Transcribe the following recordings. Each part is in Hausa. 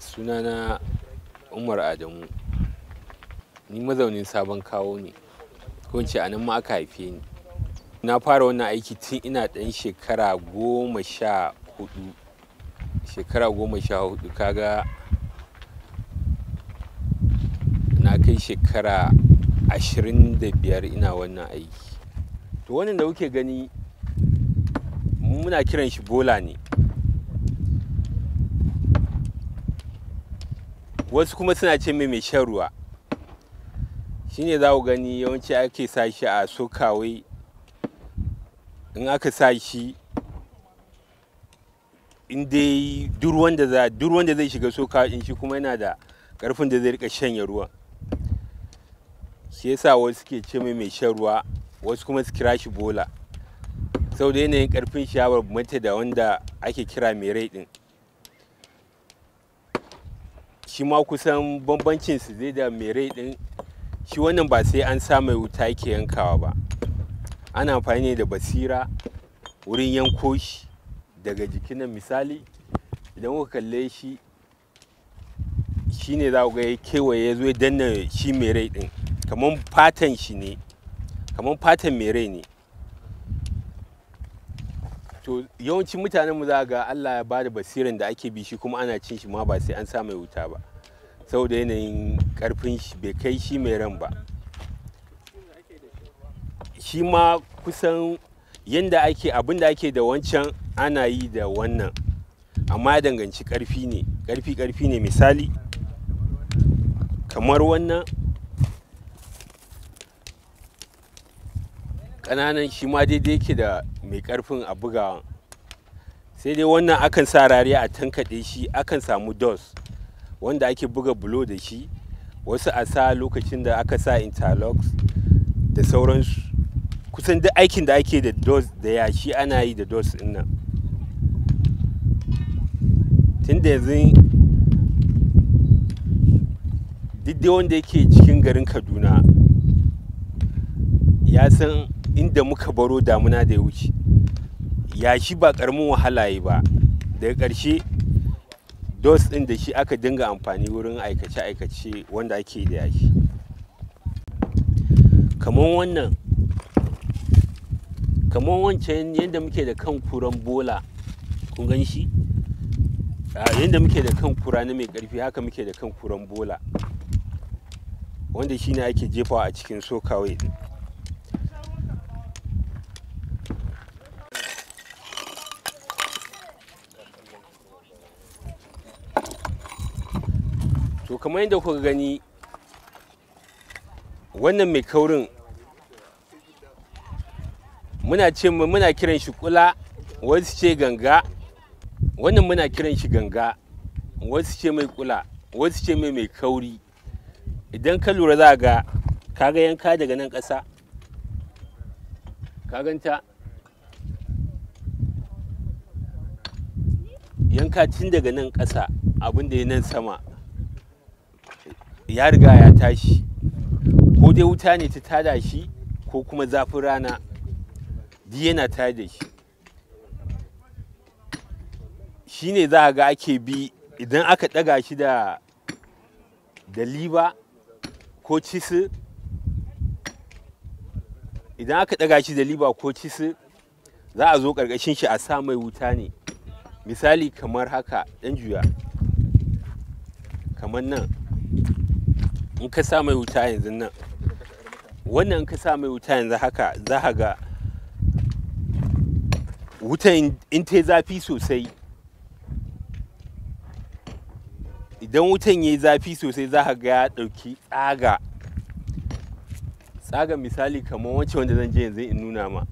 sunana umar adamu ni mazaunin sabon kawo ne ko ce a nan ma aka haife ni na fara wannan aiki tun ina ɗan shekara goma sha hudu shekara goma sha hudu kaga na kai shekara ashirin da biyar ina wannan aiki to wannan da kuke gani muna kiran shi bola ne wasu kuma suna ce mai mai shan ruwa shine za ku gani yawanci ake sa shi a sokawai in aka sa shi in dai duk da zai shiga soka in shi kuma yana da karfin da zai rika shanye ruwan shi yasa wasu suke ce mai mai shan ruwa wasu kuma su kira shi bola da yanayin karfin shawar mata da wanda ake kira mai rai din shi ma kusan bambancin su zai da mai din shi wannan ba sai an sa mai wuta yake yankawa ba ana amfani ne da basira wurin yanko shi daga jikin misali idan kuka kalle shi shi ne za ga ya kewaye ya zo ya danna shi mere din kamar fatan shi ne kamar fatan mere ne to yawancin mutanen mu za ga Allah ya bada basirin da ake bi shi kuma ana cin shi ma ba sai an sa mai wuta ba saboda yanayin karfin shi bai kai shi mai ran ba shi ma kusan yadda ake abinda da ake da wancan ana yi da wannan amma ya danganci karfi ne karfi karfi ne misali kamar wannan ƙananan shi ma daidai yake da mai karfin a bugawa sai dai wannan akan sa rariya a tankaɗe shi akan samu dos wanda ake buga bulo da shi wasu a sa lokacin da aka sa interlocks da sauransu kusan duk aikin da ake da dos da yashi ana yi da dos din nan tun da yanzu duk wanda yake cikin garin kaduna ya san inda muka baro damuna da ya wuce yashi ba karamin wahala yi ba daga ƙarshe dos ɗin da shi aka dinga amfani wurin aikace-aikace wanda ake da yaki kamar wannan kamar wancan yadda muke da kan kuran bola kun gan shi ah, yadda muke da kan kura na mai ƙarfi haka muke da kan kuran bola wanda shine ake jefawa a cikin sokawai kamar yadda kuka gani wannan mai kaurin muna ce muna kiran shi kula wasu ce ganga wannan muna kiran shi ganga wasu ce mai kula wasu ce mai mai kauri idan ka lura za ga kaga yanka daga nan ƙasa kaganta yanka tun daga nan ƙasa abin da ya nan sama ya riga ya tashi ko dai wuta ne ta tada shi ko kuma zafin rana duk yana tada shi shi ne za a ga ake bi idan aka ɗaga shi da da liba ko cisi idan aka daga shi da liba ko cisi za a zo karkashin shi a sa mai wuta ne misali kamar haka ɗan juya kamar nan in ka sa mai wuta yanzu nan wannan in ka sa mai wuta yanzu haka za ka ga wutan in ta zafi sosai idan wutan ya yi zafi sosai za ka ga ya ɗauki tsaga tsaga misali kamar wacce wanda zan je yanzu in nuna ma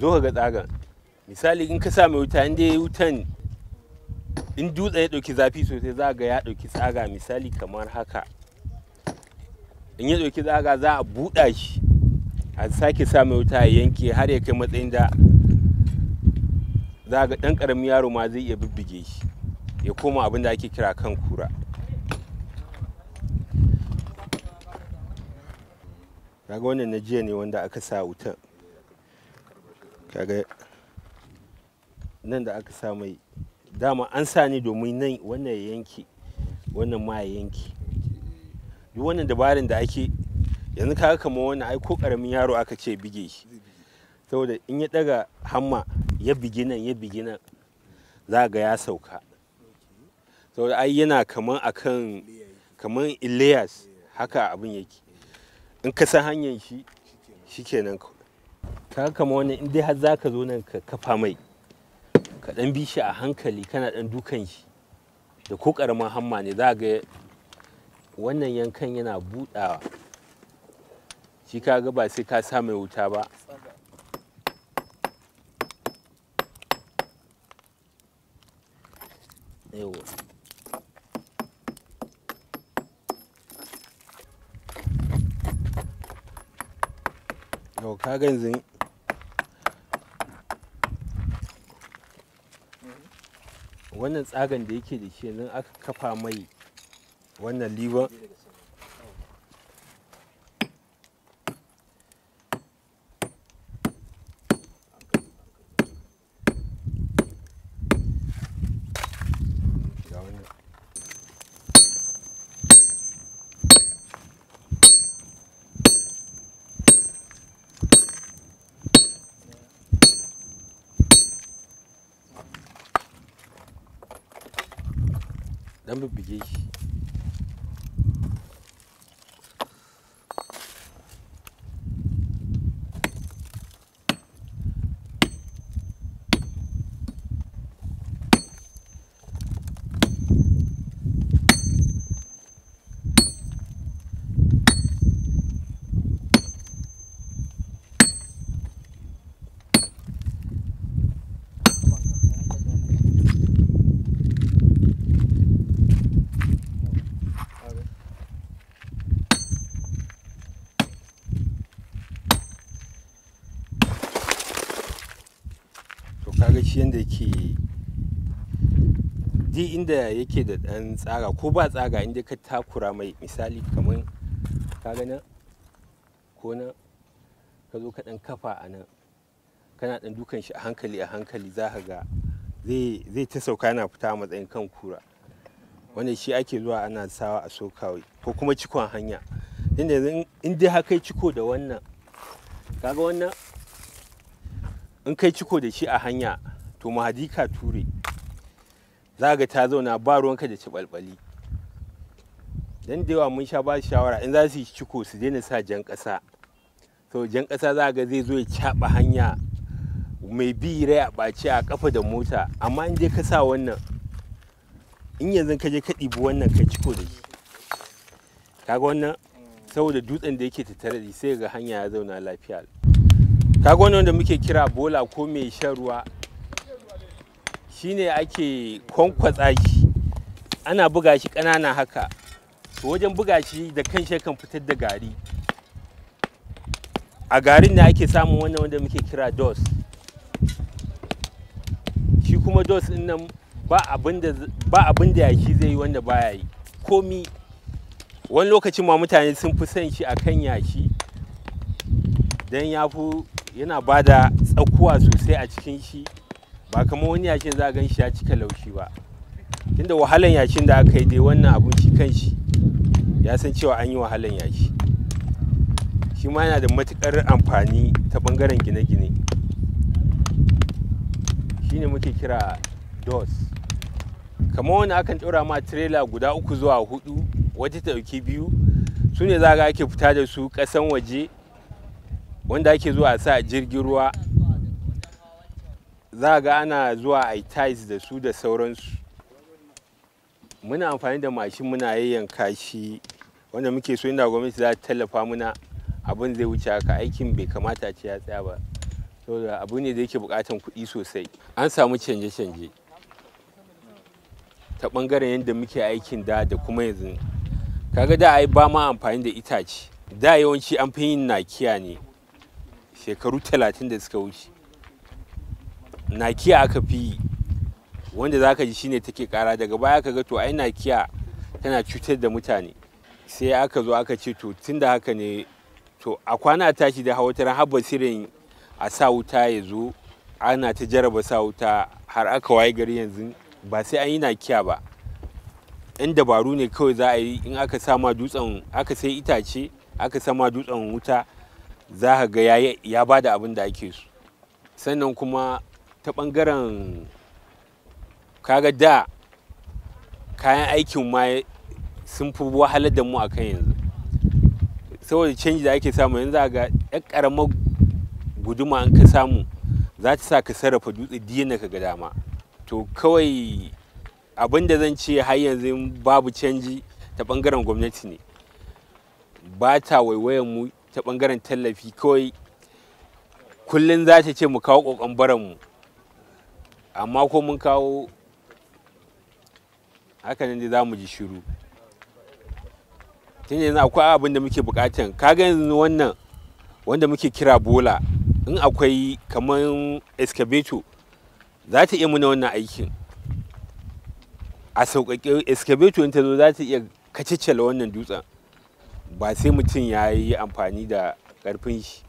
zo ka ga tsaga misali in ka sa mai wuta ya yi wutan in dutse ya ɗauki zafi sosai za ga ya ɗauki tsaga misali kamar haka in ya ɗauki tsaga za a buɗa shi a sake sa mai wuta ya yanke har ya kai matsayin da za ga ɗan ƙaramin yaro ma zai iya bibbige shi ya koma abin da ake kira kan kura kaga wannan na jiya ne wanda aka sa wutan kaga nan da aka sa mai dama an sa ne domin nan wannan ya yanke wannan ma ya yanke yi wannan dabarin da ake yanzu ka kamar wannan ai ko karamin yaro aka ce bige shi saboda in ya daga hamma ya bige nan ya bige nan za ga ya sauka saboda ai yana kaman akan kamar Ilyas haka abin yake in ka san hanyar shi shikenan ka kama wannan in dai har zaka zo nan ka kafa mai ka dan bi shi a hankali kana dan dukan shi da ko karamin hamma ne za ga wannan yankan yana buɗawa shi kaga ba sai ka sa mai wuta ba yau zin wannan tsagan da yake da shi nan aka kafa mai wannan liwan dan bibbige shi di inda yake da ɗan tsaga ko ba tsaga inda ka takura mai misali kamar ka gana ko na ka zo ka ɗan kafa a nan kana ɗan dukan shi a hankali a hankali za ka ga zai ta sauka yana fita a matsayin kan kura wanda shi ake zuwa ana sawa a sokawai ko kuma cikon hanya inda in dai haka ciko da wannan kaga wannan in kai ciko da shi a hanya to mahadika ture za ga ta zauna ba ruwan ka da cibalbali dan da yawa mun sha ba shawara in za su yi ciko su daina sa jan ƙasa so jan ƙasa za ga zai zo ya caɓa hanya mai bi rai a ɓace a ƙafa da mota amma in je ka sa wannan in yanzu ka je ka ɗibi wannan ka ciko da shi kaga wannan saboda dutsen da yake tattare da sai ga hanya ya zauna lafiya kaga wannan da muke kira bola ko mai shan ruwa shine ake kwankwatsa shi ana buga shi ƙanana haka wajen buga shi da kan shi kan fitar da gari a garin ne ake samun wannan wanda muke kira dos shi kuma dos din nan ba abinda da yashi zai yi wanda baya yi komi wani lokacin ma mutane sun fi son shi akan yashi don ya fi yana ba da tsakuwa sosai a cikin shi ba kamar wani yakin za a gan shi ya cika laushi ba tunda wahalan yashin da aka yi dai wannan abinci kan shi ya san cewa an yi wahalan yaki shi ma yana da matukar amfani ta bangaren gine-gine Shi shine muke kira dos kamar wani akan ɗora ma tirela guda uku zuwa hudu wata ta dauki biyu su ne za ga ake fita da su ƙasan waje wanda ake zuwa sa jirgin ruwa za ga ana zuwa a ties da su da sauransu muna amfani da mashin muna yayyanka shi wanda muke so inda gwamnati za ta tallafa muna abin zai wuce haka aikin bai kamata ce ya tsaya ba saboda abu ne da yake bukatan kuɗi sosai an samu canje-canje ta ɓangaren yadda muke aikin da da kuma yanzu kaga da ai ba ma amfani da itace da yawanci an fi yin nakiya ne shekaru talatin da suka wuce nakiya aka fi yi wanda za ka ji shine take kara daga baya ka ga to ai nakiya tana cutar da mutane sai aka zo aka ce to tun da haka ne to a kwana tashi da hawataran har basirin a sa wuta ya zo ana ta jaraba sa wuta har aka waye gari yanzu ba sai an yi nakiya ba yan dabaru ne kawai za a yi in aka sama dutsen aka sai itace aka sama dutsen wuta za ka ga ya ba da abin da ake so sannan kuma ta ɓangaren kaga da kayan aikin ma sun fi wahalar da mu a kan yanzu saboda canji da ake samu yanzu ga yan ƙaramar guduma an ka samu za ta sa ka sarrafa dutse diyan ka ga dama to kawai abin da zan ce har yanzu babu canji ta bangaren gwamnati ne ba ta waiwayan mu ta bangaren tallafi kawai kullum za ta ce mu kawo ƙoƙon mu amma ko mun kawo hakanin da za mu ji shiru tun yanzu akwai abin da muke bukatan kaga yanzu wannan wanda muke kira bola in akwai kamar excavator za ta iya muna wannan aikin a sauƙaƙe excavator in ta zo za ta iya kacicela wannan dutsen ba sai mutum ya yi amfani da ƙarfin shi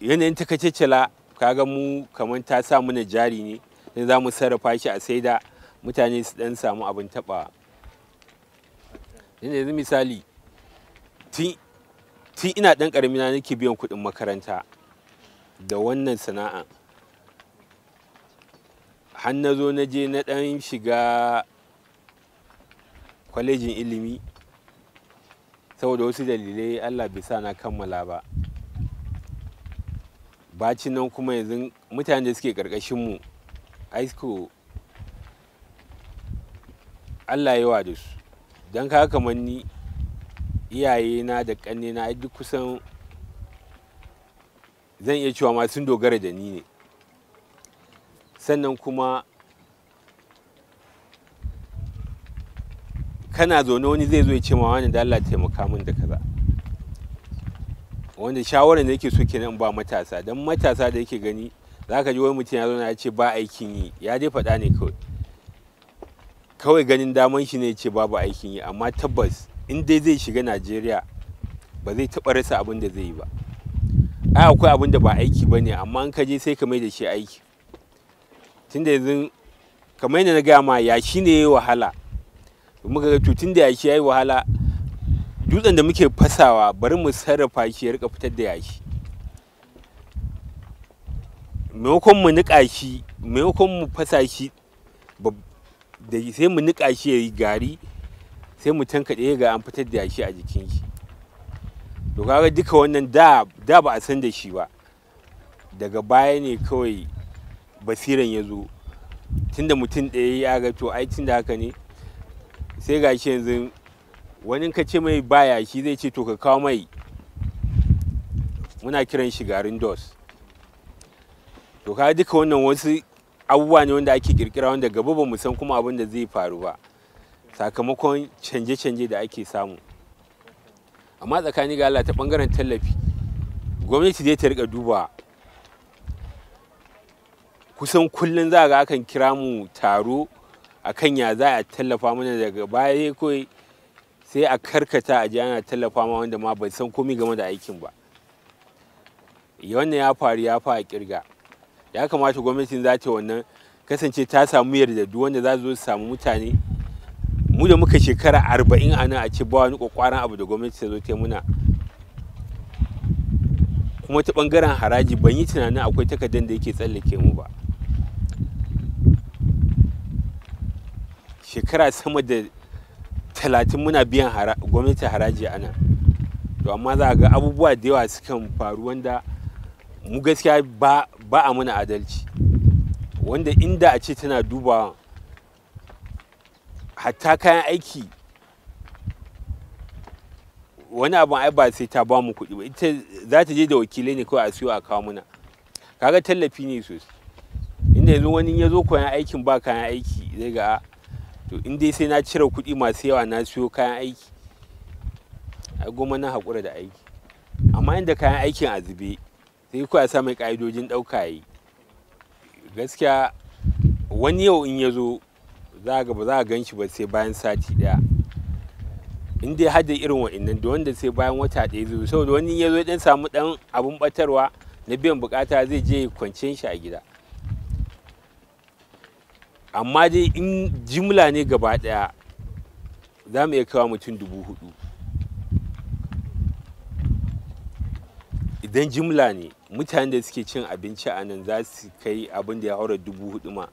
yanayin ta kacicela kaga mu kamar ta sa mana jari ne don zamu sarrafa shi a saida mutane su dan samu abin taɓa yanzu misali tun ina dan ƙarami na nake biyan kuɗin makaranta da wannan sana'a har na zo na je na dan shiga kwalejin ilimi saboda wasu dalilai allah bai sa na kammala ba bacin nan kuma yanzu mutane da suke karkashinmu aiko allah yawa da su don ka kamar ni iyaye na da kanne na duk kusan zan iya cewa ma sun dogara da ni ne sannan kuma kana zaune wani zai zo ya ce ma wani da allah taimaka min da kaza wanda shawarar da yake so kenan ba matasa don matasa da yake gani za ka ji wani mutum ya zauna ya ce ba aikin yi ya dai faɗa ne kawai kawai ganin daman shi ne ya ce babu aikin yi amma tabbas in dai zai shiga najeriya ba zai taɓa rasa abin da zai yi ba ai akwai abin da ba aiki ba ne amma an ka je sai ka mai da shi aiki da yanzu kamar yadda na gaya ma yashi ne ya yi wahala muka ga tutun da yashi ya yi wahala dutsen da muke fasawa bari mu sarrafa shi ya rika fitar da yashi maimakon mu niƙa shi maimakon mu fasa shi da sai mu niƙa shi ya yi gari sai mu tankaɗe ga an fitar da yashi a jikin shi to kaga duka wannan da da ba a san da shi ba daga baya ne kawai basiran ya zo tunda mutum ɗaya ya ga to ai tunda haka ne sai gashi yanzu wani ka ce mai baya shi zai ce to ka kawo mai muna kiran shi garin dos to ka duka wannan wasu abubuwa ne wanda ake kirkira wanda gaba ba mu san kuma abin da zai faru ba sakamakon canje-canje da ake samu amma tsakani ga ta bangaren tallafi gwamnati zai ta rika duba kusan kullum za ga akan kira mu taro akan ya za a tallafa mana daga baya kawai sai a karkata a ana tallafa ma wanda ma bai san komai game da aikin ba wannan ya faru ya fa kirga ya kamata gwamnatin za ta wannan kasance ta samu yarda duk wanda za zo su samu mutane mu da muka shekara arba'in a nan a ce ba wani kwakwaran abu da gwamnati ta zo ta muna kuma ta bangaren haraji ban yi tunanin akwai takardar da yake tsallake mu ba shekara sama da talatin muna biyan gwamnati haraji a nan to amma za ga abubuwa da yawa sukan faru wanda mu gaskiya ba a muna adalci wanda inda a ce tana dubawa hatta kayan aiki wani abin ai ba sai ta ba mu kuɗi ba ita za ta je da wakilai ne kawai a siyo a kawo muna kaga tallafi ne sosai inda yanzu wani ya zo koyan aikin ba kayan aiki zai ga to in dai sai na cire kuɗi masu yawa na siyo kayan aiki a goma na haƙura da aiki amma inda kayan aikin a zube sai kuwa mai ƙa'idojin ɗauka yi gaskiya wani yau in ya zo za ga ba za a gan shi ba sai bayan sati ɗaya in dai hada irin wa'annan da wanda sai bayan wata ɗaya zo saboda wani ya zo samu ɗan abin batarwa na biyan bukata zai je kwanciyar shi a gida amma dai in jimla ne gaba ɗaya za mu iya kawo mutum dubu hudu idan jimla ne mutane da suke cin abinci a nan za su kai abin da ya haura dubu hudu ma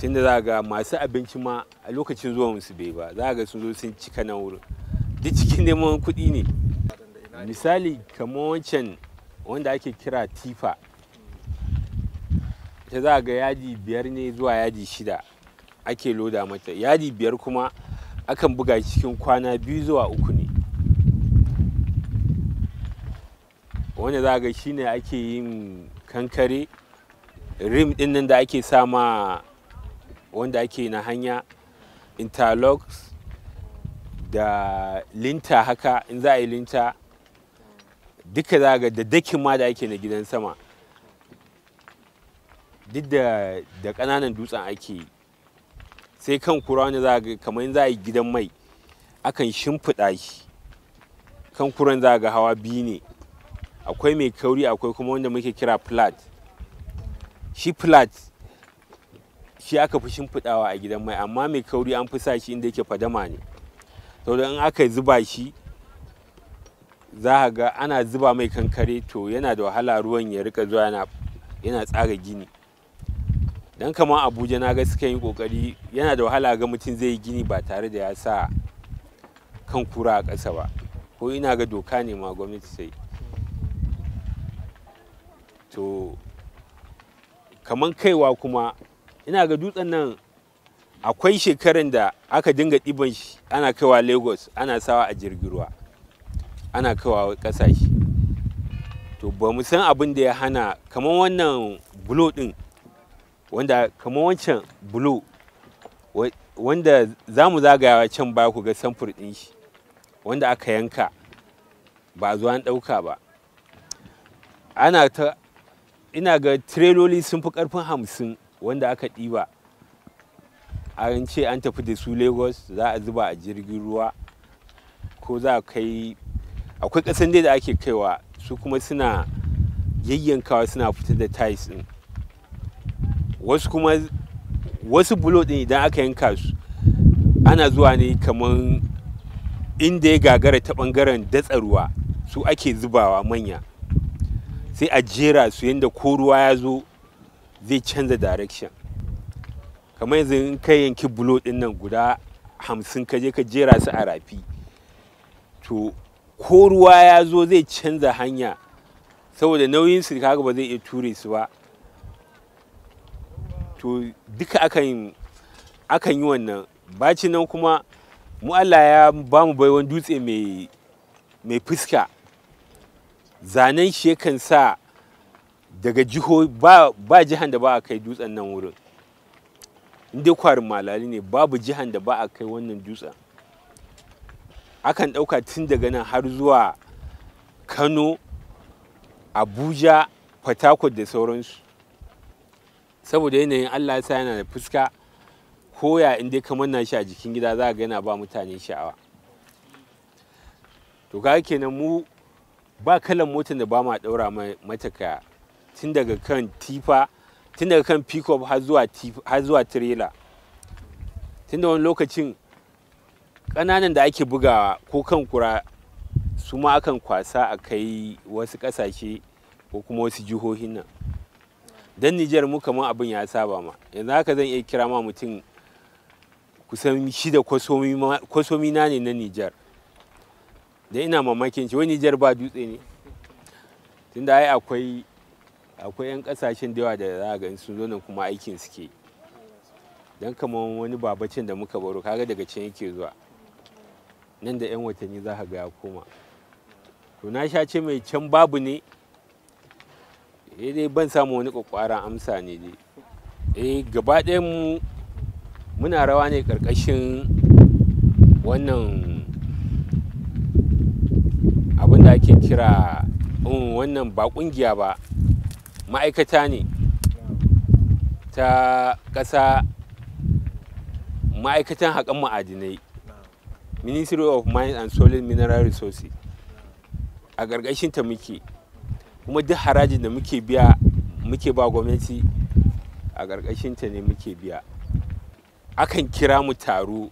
tun da za ga masu abinci ma a lokacin zuwa musu bai ba za ga sun zo sun cika na wurin duk cikin neman kuɗi ne misali kamar wancan wanda ake kira tifa ta za ga yadi biyar ne zuwa yadi shida ake loda mata yadi biyar kuma akan buga cikin kwana biyu zuwa uku ne wanda za ga ne ake yin kankare rim din nan da ake sama wanda ake na hanya interlocks da linta haka in za a yi linta duka za ga da dakin ma da ake na gidan sama duk da da ƙananan dutsen ake sai kan kura ne za ga kamar za a gidan mai akan shimfiɗa shi kan kuran za ga hawa biyu ne akwai mai kauri akwai kuma wanda muke kira flat shi flat shi aka fi shimfiɗawa a gidan mai amma mai kauri an fi sa shi inda yake fadama ne saboda in aka zuba shi za ga ana zuba mai kankare to yana da wahala ruwan ya rika zuwa yana tsaga gini dan kamar abuja na ga suka yi kokari yana da wahala ga mutum zai yi gini ba tare da ya sa kan kura a ƙasa ba ko ina ga doka ne ma gwamnati sai to kaman kaiwa kuma ina ga dutsen nan akwai shekaran da aka dinga ɗiban shi ana kaiwa lagos ana sawa a jirgin ruwa ana kaiwa ƙasashe to ba mu san abin da ya hana kaman wannan bulo ɗin wanda kamar wancan bulo wanda za mu zagayawa can baya ku ga samfur ɗin shi wanda aka yanka ba a zuwa an ɗauka ba ana ta ina ga tireloli sun fi ƙarfin hamsin wanda aka ɗiba an ce an tafi da su lagos za a zuba a jirgin ruwa ko za a kai akwai ƙasan dai da ake kaiwa su kuma suna yayyankawa suna fitar da tiles ɗin wasu kuma wasu bulo din idan aka yanka su ana zuwa ne kamar inda ya gagara ta bangaren datsa ruwa su ake zubawa manya sai a jera su yadda ko ruwa ya zo zai canza direction kamar yanzu in kai yanki bulo din nan guda hamsin ka je ka jera su a rafi to ko ruwa ya zo zai canza hanya saboda nauyin su kaga ba zai iya ture su ba to duka akan yi wannan baci nan kuma mu Allah ya ba mu baiwan dutse mai mai fuska zanen shi yakan sa daga jiho ba, ba jihan da ba a kai dutsen nan wurin inda kwarin malali ne babu jihan da ba a kai wannan dutsen akan ɗauka tun daga nan har zuwa kano abuja fatakwa da sauransu saboda yanayin Allah ya sa yana da fuska koya in dai ka manna shi a jikin gida za ga yana ba mutane sha'awa to kaga kenan mu ba kalan motar da ba ma daura mata kaya tun daga kan tifa tun daga kan pickup har zuwa har zuwa trailer tun da wani lokacin ƙananan da ake bugawa ko kan kura su ma akan kwasa a kai wasu ƙasashe ko kuma wasu jihohin nan dan Nijar mu kaman abin ya saba ma yanzu haka zan iya kira ma mutum kusan shida kwasomi na ne na Nijar da ina mamakin shi Wai Nijar ba dutse ne tunda ai akwai akwai 'yan kasashen da yawa da za ga sun zo nan kuma aikin suke dan kamar wani babacin da muka baro kaga daga can yake zuwa nan da 'yan watanni za ka ga ya koma to na sha ce mai can babu ne Eh dai ban samu wani kwakwaran amsa ne dai eh gaba mu muna rawa ne karkashin wannan abin da ake kira um, wannan ba kungiya ba ma'aikata ne ta ƙasa ma'aikatan haƙan ma'adinai ministry of mines and solid mineral resources a ƙarƙashinta muke kuma duk harajin da muke biya muke ba gwamnati a ta ne muke biya akan kira mu taro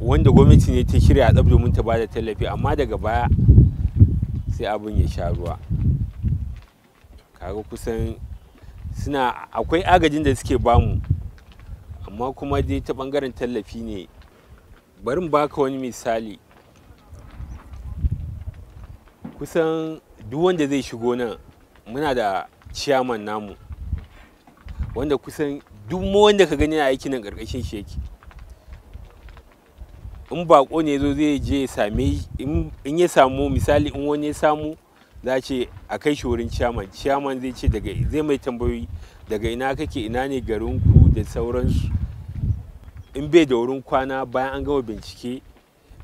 wanda gwamnati ne ta shirya a tsab domin ta bada tallafi amma daga baya sai abin ya sha ruwa kaga kusan suna akwai agajin da suke bamu amma kuma dai ta bangaren tallafi ne bari baka wani misali kusan duk wanda zai shigo nan muna da ciyaman namu wanda kusan duk wanda ka gani a aiki nan karkashin shi yake in bako ne zo zai je same in ya samu misali in wani ya samu za ce a kai shi wurin ciyaman ciyaman zai ce daga zai mai tambayoyi daga ina kake ina ne garinku da sauransu in bai da wurin kwana bayan an gama bincike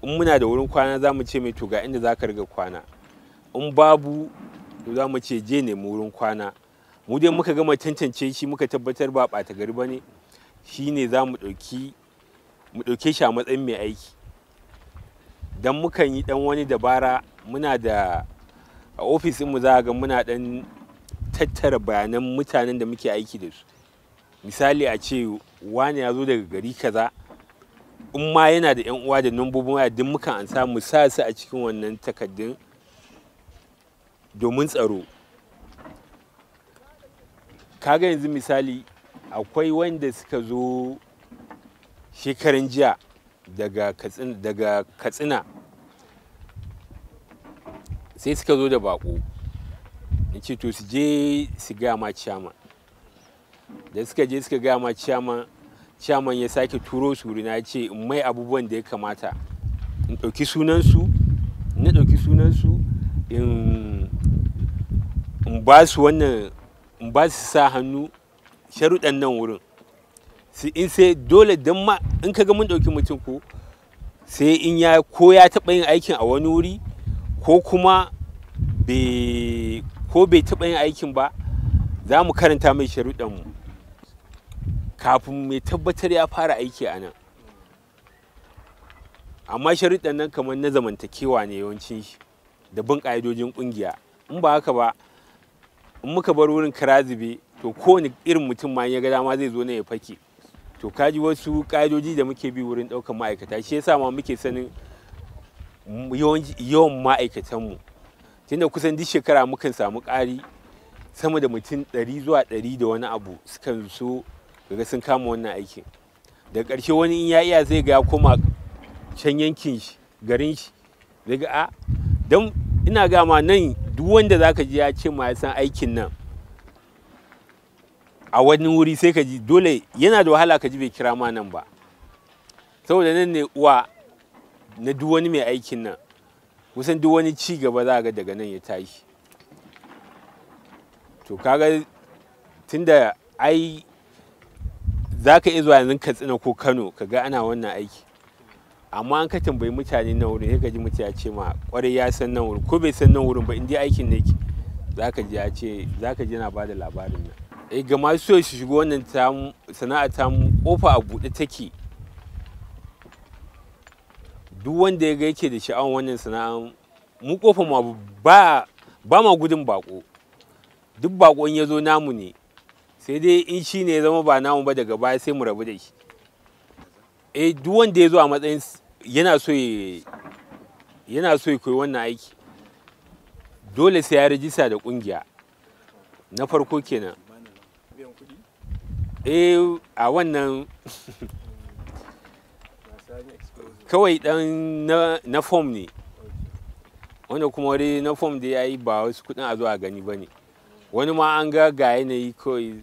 in muna da wurin kwana za mu ce mai to ga inda za ka riga kwana in babu za mu ce je ne wurin kwana mu dai muka gama tantance shi muka tabbatar ba ɓata gari ba ne shi ne za mu ɗauke shi a matsayin mai aiki don mukan yi ɗan wani dabara muna da a mu za a ga muna ɗan tattara bayanan mutanen da muke aiki da su misali a ce wani ya zo daga gari kaza in ma yana da 'yan uwa da numbobin waya duk mukan an samu sa su a cikin wannan takaddun. domin tsaro kaga yanzu misali akwai wanda suka zo shekaran jiya daga katsina sai suka zo da bako in ce to su je su gama ciyama da suka je suka gama ciyama ciyaman ya sake turo su na ce in mai abubuwan da ya kamata in ɗauki sunansu in ɗauki sunansu in in ba su wannan in ba sa hannu sharuɗan nan wurin su in sai dole don ma in ka ga mun ɗauki mutum ko sai in ya ko ya taɓa yin aikin a wani wuri ko kuma ko bai taɓa yin aikin ba za mu karanta mai mu kafin mai tabbatar ya fara aiki anan nan amma sharuɗan nan kamar na zamantakewa ne yawancin shi da bin ƙa'idojin ƙungiya in ba haka ba in muka bar wurin karazibe to kowane irin mutum ma ya ga dama zai zo ne ya fake to kaji wasu ƙa'idoji da muke bi wurin ɗaukar ma'aikata shi yasa ma muke sanin yawan ma'aikatanmu tunda kusan duk shekara mukan samu ƙari sama da mutum ɗari zuwa ɗari da wani abu sukan so daga sun kama wannan aikin da ƙarshe wani in ya iya zai ga koma can yankin shi garin shi zai ga a don ina gama nan duk wanda zaka ji ya ce ma ya san aikin nan a wani wuri sai ka ji dole yana da wahala ka ji bai kira ma nan ba saboda nan ne uwa na duk wani mai aikin nan kusan duk wani ci gaba za ga daga nan ya tashi to kaga tunda ai za ka iya zuwa yanzu katsina ko kano ka ga ana wannan aiki amma an ka tambayi mutane nan wurin ya gaji mutane ce ma kwarai ya san nan wurin ko bai san nan wurin ba in dai aikin ne za ka ji ya ce zaka ji na bada labarin nan eh ga ma so shi shigo wannan sana'a ta kofa a buɗe take duk wanda ya ga yake da sha'awar wannan sana'a mu kofa ma ba ba ma gudun bako duk bakon ya zo namu ne sai dai in shine ya zama ba namu ba daga baya sai mu rabu da shi eh duk wanda ya zo a matsayin yana so yana so ya koyi wannan aiki dole sai ya rijista da kungiya na farko kenan eh a wannan kawai dan na fom ne wanda kuma wani na fom da ya yi ba wasu kudin a zuwa gani ba ne wani ma an ga ga yanayi kawai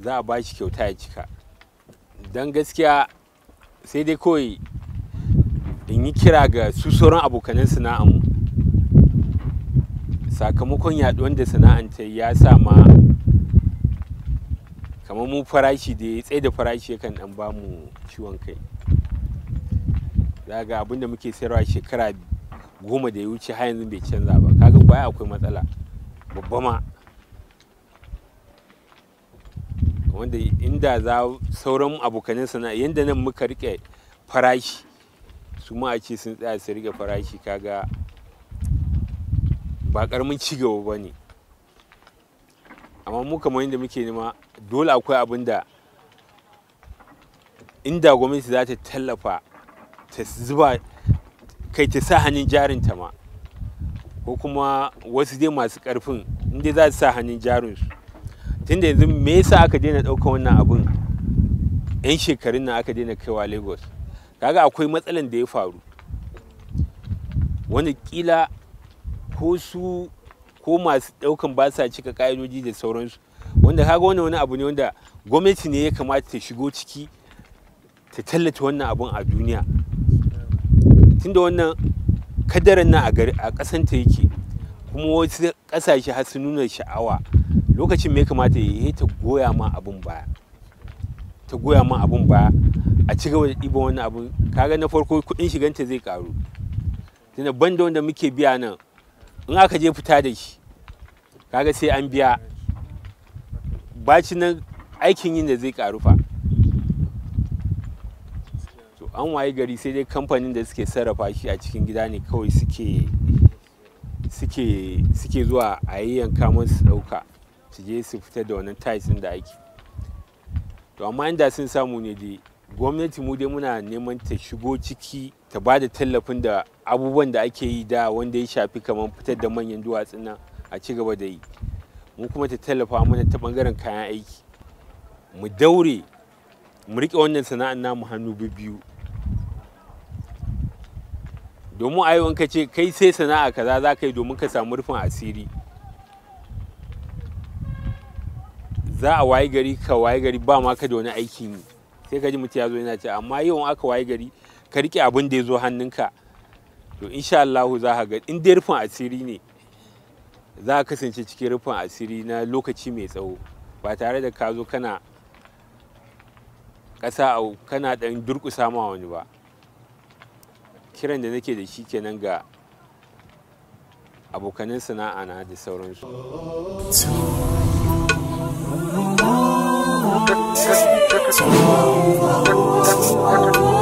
za a ba shi kyauta ya cika don gaskiya sai dai kawai in yi kira ga su sauran abokanan sana'anmu sakamakon yaduwan da sana'anta ya sa ma kamar mu farashi da ya tsaye da farashi yakan dan ba mu ciwon kai daga abinda muke sayarwa shekara goma da ya wuce har yanzu bai canza ba kaga baya akwai matsala babba ma wanda inda za sauran abokanan sana'a yadda nan muka rike farashi su ma ce sun tsaya su riga farashi kaga ba karamin cigaba ba ne amma mu kamar yadda muke nema dole akwai abin da inda gwamnati za ta tallafa ta zuba kai ta sa hannun jarinta ma ko kuma wasu dai masu karfin inda za su sa hannun jarin su tunda yanzu me yasa aka daina ɗaukar wannan abin 'yan shekarun nan aka daina kaiwa lagos kaga akwai matsalan da ya faru wani kila ko su ko masu daukan ba sa cika ka'idoji da sauransu wanda kaga wani wani abu ne wanda gwamnati ne ya kamata ta shigo ciki ta tallata wannan abun a duniya tunda wannan kadarin nan a kasanta yake kuma wasu kasashe har su nuna sha'awa lokacin me kamata ya ta goya ma abun baya ta goya min abun ba a ci gaba da ɗiban wani abu kaga na farko kuɗin shiganta zai karu tunda da wanda muke biya nan in aka je fita da shi kaga sai an biya baci nan aikin yin da zai karu fa to an waye gari sai dai kamfanin da suke sarrafa shi a cikin gida ne kawai suke suke zuwa a yi yanka masu ɗauka su je su fita da wannan tais da ake to amma inda sun samu ne dai gwamnati mu dai muna neman ta shigo ciki ta ba da tallafin da abubuwan da ake yi da wanda ya shafi kamar fitar da manyan duwatsun nan a ci gaba da yi mu kuma ta tallafa mana ta bangaren kayan aiki mu daure mu riƙe wannan sana'ar namu hannu biyu domin a yi ce kai sai sana'a kaza za ka yi domin ka samu rufin asiri za a waye gari ka waye gari ba ma ka da wani aiki yi sai ka ji mutum ya zo yana ce amma yau aka wayi gari ka rike abin da ya zo hannunka to insha Allah za ka ga in dai rufin asiri ne za ka kasance cikin rufin asiri na lokaci mai tsawo ba tare da ka zo kana ƙasa kana ɗan durkusa ma wani ba kiran da nake da shi kenan ga abokanin sana'a na da sauransu. Oh,